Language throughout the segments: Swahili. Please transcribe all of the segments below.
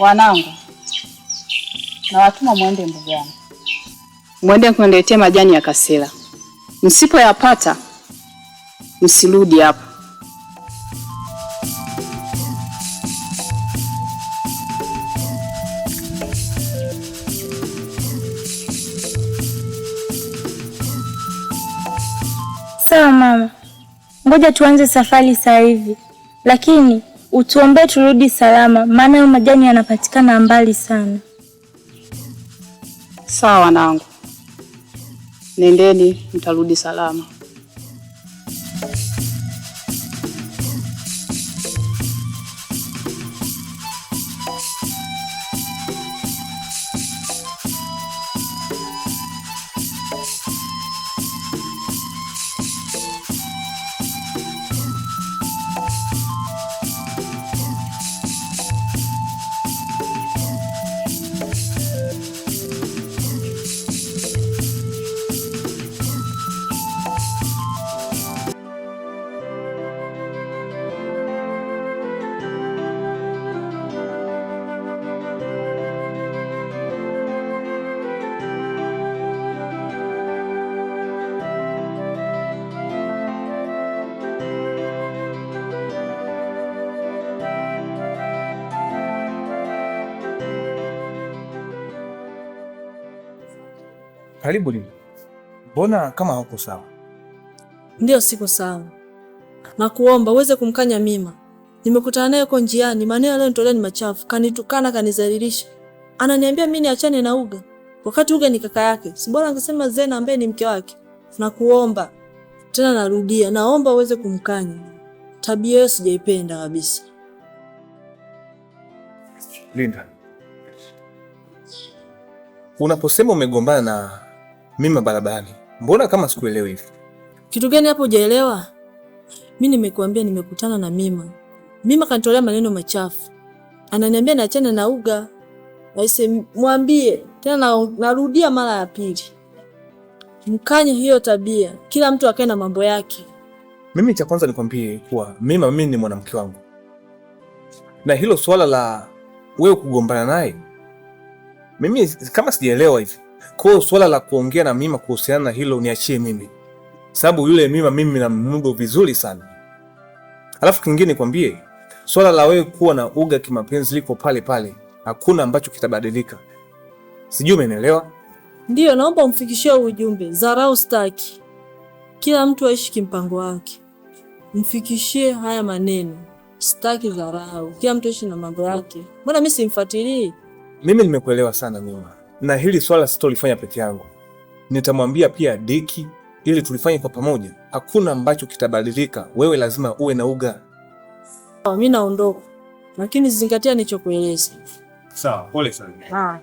Wanangu na watuma mwende mbugani, mwende kuniletea majani ya kasela. Msipoyapata msirudi hapa. Sawa mama, ngoja tuanze safari sasa hivi, lakini utuombee turudi salama, maana hayo majani yanapatikana mbali sana. Sawa wanangu, nendeni mtarudi salama. Karibu Lila. Mbona kama hauko sawa? Ndio, siko sawa. Nakuomba uweze kumkanya Mima. Nimekutana naye huko njiani, maneno aliyonitolea ni machafu, kanitukana, kanizalilisha. Ananiambia mimi niachane na Uga wakati Uga ni kaka yake. Si bora angesema Zena ambaye ni mke wake. Nakuomba tena, narudia, naomba uweze kumkanya. Tabia hiyo sijaipenda kabisa. Linda, unaposema umegombana na mimi barabarani. Mbona kama sikuelewi hivi? Kitu gani hapo hujaelewa? Mimi nimekuambia nimekutana na Mima. Mima kanitolea maneno machafu. Ananiambia naachana na Uga. Aise, mwambie tena, narudia mara ya pili, mkanye hiyo tabia, kila mtu akae na mambo yake. Mimi cha kwanza nikwambie kuwa Mima mimi ni mwanamke wangu, na hilo swala la wewe kugombana naye mimi kama sijaelewa hivi kwa swala la kuongea na Mima kuhusiana na hilo niachie mimi, sababu yule Mima mimi nammudu vizuri sana. Alafu kingine nikwambie, swala la wewe kuwa na uga kimapenzi liko pale pale, hakuna ambacho kitabadilika. Sijui umenielewa? Ndiyo, naomba umfikishie ujumbe. Zarau staki, kila mtu aishi kimpango wake. Mfikishie haya maneno, staki dharau, kila mtu aishi na mambo yake. Mbona mimi simfuatilii? Mimi nimekuelewa sana Mima na hili swala sitolifanya peke yangu, nitamwambia pia Diki ili tulifanye kwa pamoja. Hakuna ambacho kitabadilika, wewe lazima uwe na uga. Sawa, mimi naondoka, lakini zingatia nichokueleza Sawa, pole sana. Ah.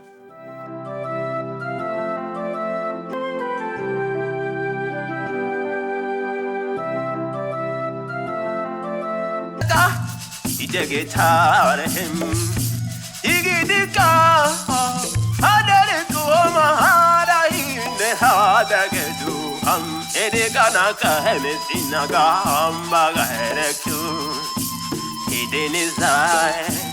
bagedu am ene kana ka hele sinaga am baga hele ku hideniz dai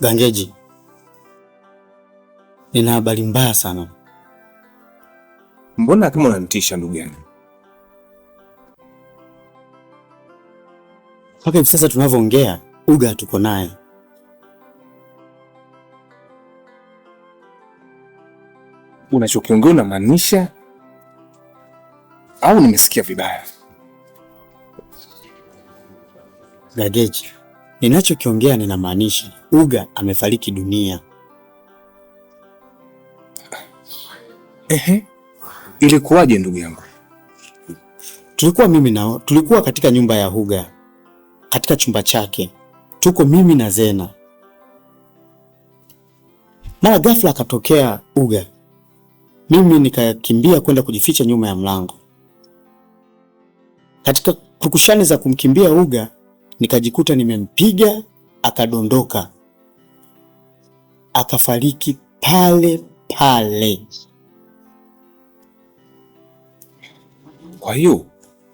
Gangeji, nina habari mbaya sana. Mbona kama unanitisha ndugu yangu? Mpaka hivi sasa tunavyoongea, Uga tuko naye Unachokiongea unamaanisha au nimesikia vibaya? Gageji, Ninachokiongea ninamaanisha, Uga amefariki dunia. Ehe, ilikuwaje ndugu yangu? Tulikuwa mimi nao, tulikuwa katika nyumba ya Uga, katika chumba chake, tuko mimi na Zena, mara ghafla akatokea Uga, mimi nikakimbia kwenda kujificha nyuma ya mlango. Katika kukushani za kumkimbia Uga nikajikuta nimempiga akadondoka, akafariki pale pale. Kwa hiyo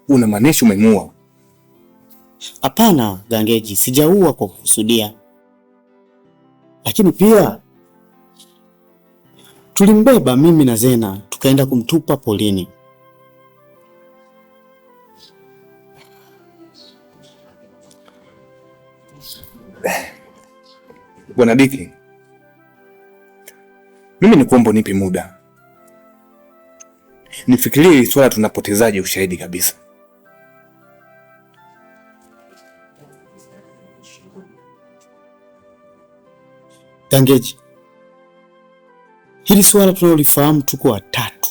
unamaanisha umemua Hapana Gangeji, sijaua kwa kukusudia, lakini pia tulimbeba mimi na Zena tukaenda kumtupa polini. Bwana Diki, mimi kuomba nipe muda nifikirie hili swala, tunapotezaje ushahidi kabisa? tangeji hili swala tunalifahamu, tuko watatu,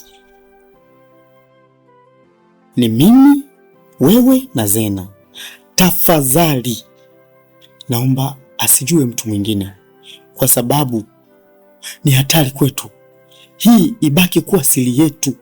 ni mimi, wewe na Zena. Tafadhali naomba asijue mtu mwingine, kwa sababu ni hatari kwetu. Hii ibaki kuwa siri yetu.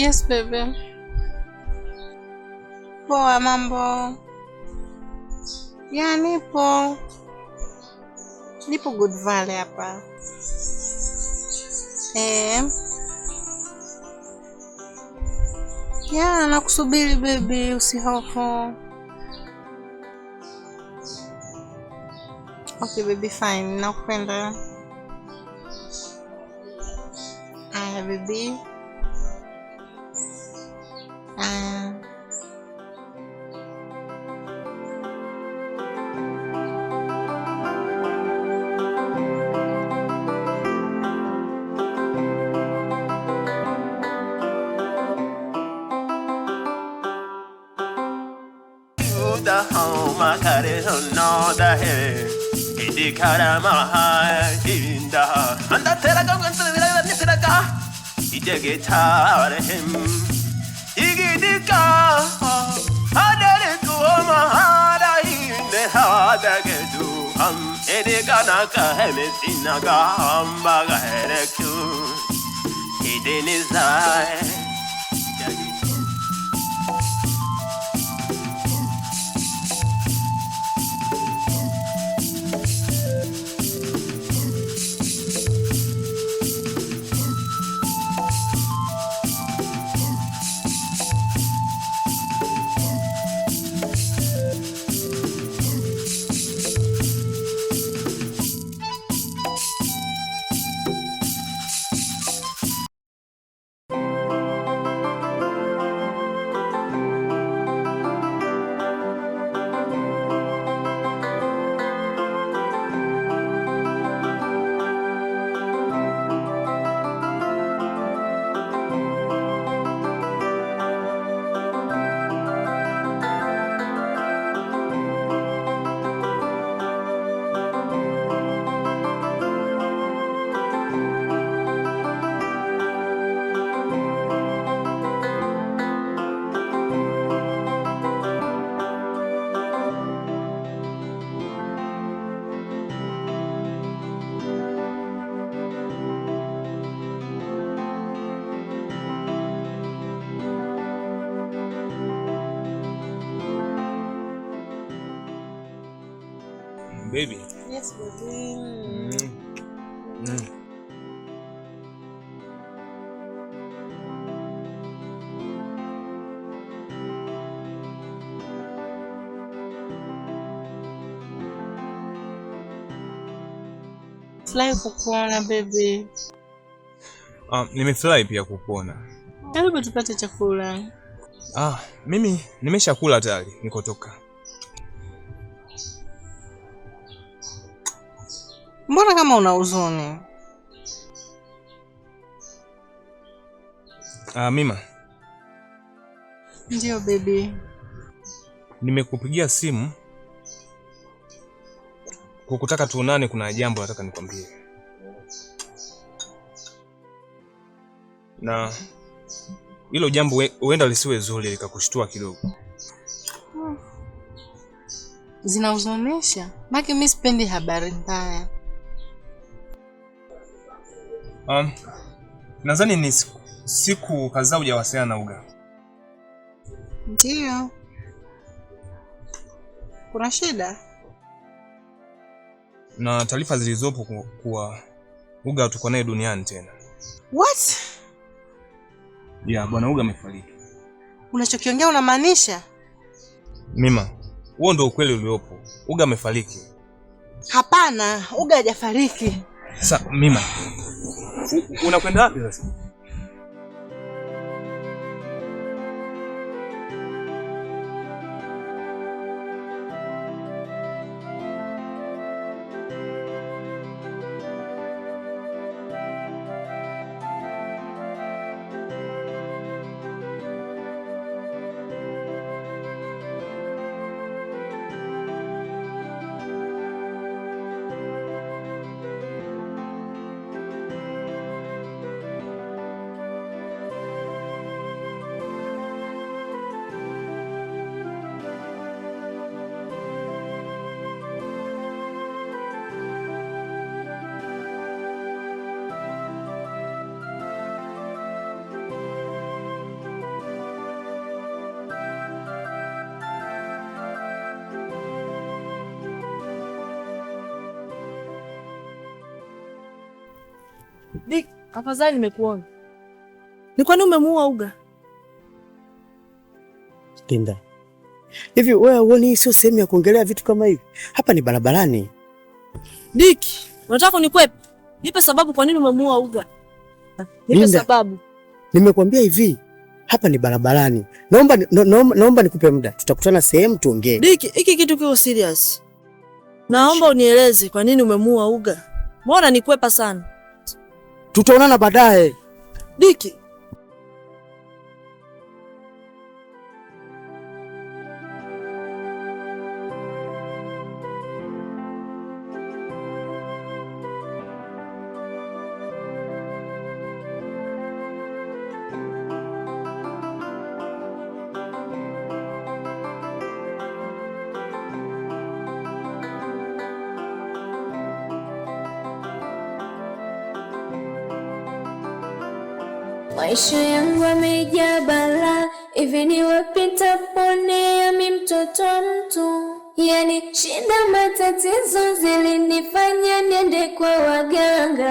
Yes bebe. Poa, mambo ya nipo, nipo Good Valley hapa e. Ya nakusubiri bebi, usihofu. Okay baby, fine, nakupenda. Aya baby makare no da he idi kara ma ha inda anda tera ga ganta de la ni tera ga ije ge tar him igi dika adare ko ma hara inde ha da ge du am ene ga na ka he me sinaga am ba ga he re ku ide ni zai baby. Yes, baby. Mm. Mm. Nimefurahi kukuona baby. Um, nimefurahi pia kukuona. Karibu tupate chakula. Ah, mimi nimeshakula tayari, nikotoka. Mbona kama una huzuni? Ah, Mima. Ndio baby. Nimekupigia simu kukutaka tuonane, kuna jambo nataka nikwambie. Na hilo jambo huenda lisiwe zuri likakushtua kidogo. Hmm. Zinahuzunisha. Maki mimi sipendi habari mbaya. Um, nadhani ni siku, siku kadhaa hujawasiliana na Uga. Ndio. Kuna shida? Na taarifa zilizopo kuwa Uga tuko naye duniani tena. What? Ya, bwana Uga amefariki. Unachokiongea unamaanisha? Mima, huo ndio ukweli uliopo. Uga amefariki. Hapana, Uga hajafariki. Sasa Mima una cuenta Dik, afadhali nimekuona. Ni kwani umemuua Uga? Tinda. Hivi wewe uone hii sio sehemu ya kuongelea vitu kama hivi? Hapa ni barabarani. Dick, unataka kunikwepa? Nipe sababu kwa nini umemuua Uga? Nipe sababu. Nimekwambia hivi, hapa ni barabarani. Naomba naomba, naomba nikupe muda. Tutakutana sehemu tuongee. Dick, hiki kitu kiko serious. Naomba unieleze kwa nini umemuua Uga? Mbona nikwepa sana? Tutaonana baadaye Diki. maisha yangu yamejaa balaa, hivi niwapita ponea mi mtoto wa mtu. Yani shida matatizo zilinifanya niende kwa waganga.